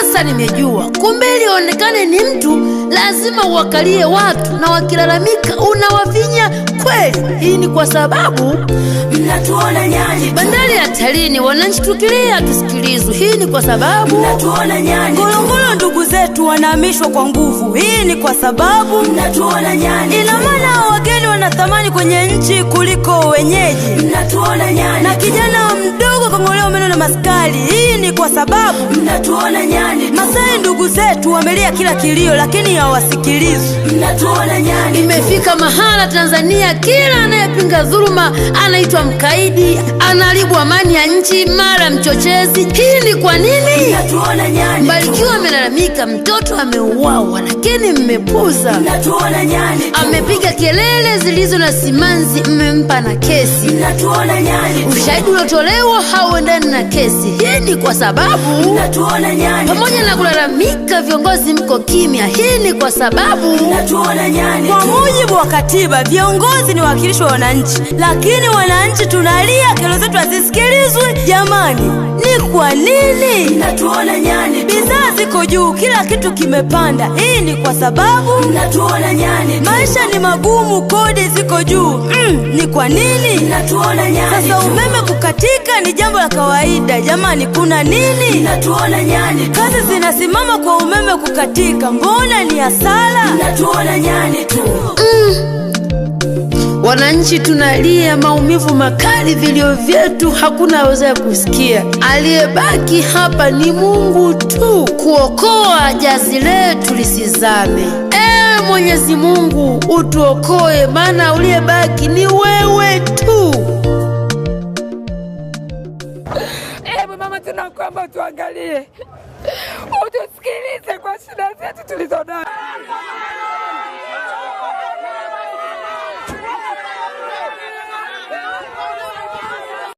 sasa nimejua, kumbe ili ni mtu lazima uwakalie watu, na wakilalamika unawavinya kweli. Hii ni kwa sababu mnatuona nyani, bandari hatarini, wananchi tukilia hatusikilizwi. Hii ni kwa sababu mnatuona nyani, Ngorongoro ndugu zetu wanahamishwa kwa nguvu. Hii ni kwa sababu mnatuona nyani, ina maana wageni wanathamani kwenye nchi kuliko wenyeji. Mnatuona nyani mbali. Hii ni kwa sababu mnatuona nyani tu. Masai ndugu zetu wamelia kila kilio, lakini hawasikilizwi. Mnatuona nyani. Imefika mahala Tanzania kila anayepinga dhuluma anaitwa mkaidi, anaharibu amani ya nchi, mara mchochezi. Hii ni kwa nini? Mnatuona nyani. Mbarikiwa analalamika mtoto ameuawa, lakini mmepuza. Mnatuona nyani, amepiga kelele zilizo na simanzi, mmempa na kesi. Mnatuona nyani, ushahidi uliotolewa hauendani na kesi. Hii ni kwa sababu mnatuona nyani, pamoja na kulalamika viongozi mko kimya. Hii ni kwa sababu mnatuona nyani. Kwa mujibu wa katiba, viongozi ni wawakilishi wa wananchi, lakini wananchi tunalia Kero zetu hazisikilizwi jamani, ni kwa nini? natuona nyani, bidhaa ziko juu, kila kitu kimepanda. Hii ni kwa sababu natuona nyani, maisha ni magumu, kodi ziko juu. Mm, ni kwa nini? natuona nyani. Sasa umeme kukatika ni jambo la kawaida jamani, kuna nini? natuona nyani. Kazi zinasimama kwa umeme kukatika, mbona ni hasara? natuona nyani. Wananchi tunalia maumivu makali, vilio vyetu hakuna aweza kusikia. Aliyebaki hapa ni Mungu tu, kuokoa jazi letu lisizame. Ewe Mwenyezi Mungu utuokoe, maana uliyebaki ni wewe tu. Ewe mama, tunakuomba tuangalie, utusikilize kwa shida zetu tulizonazo.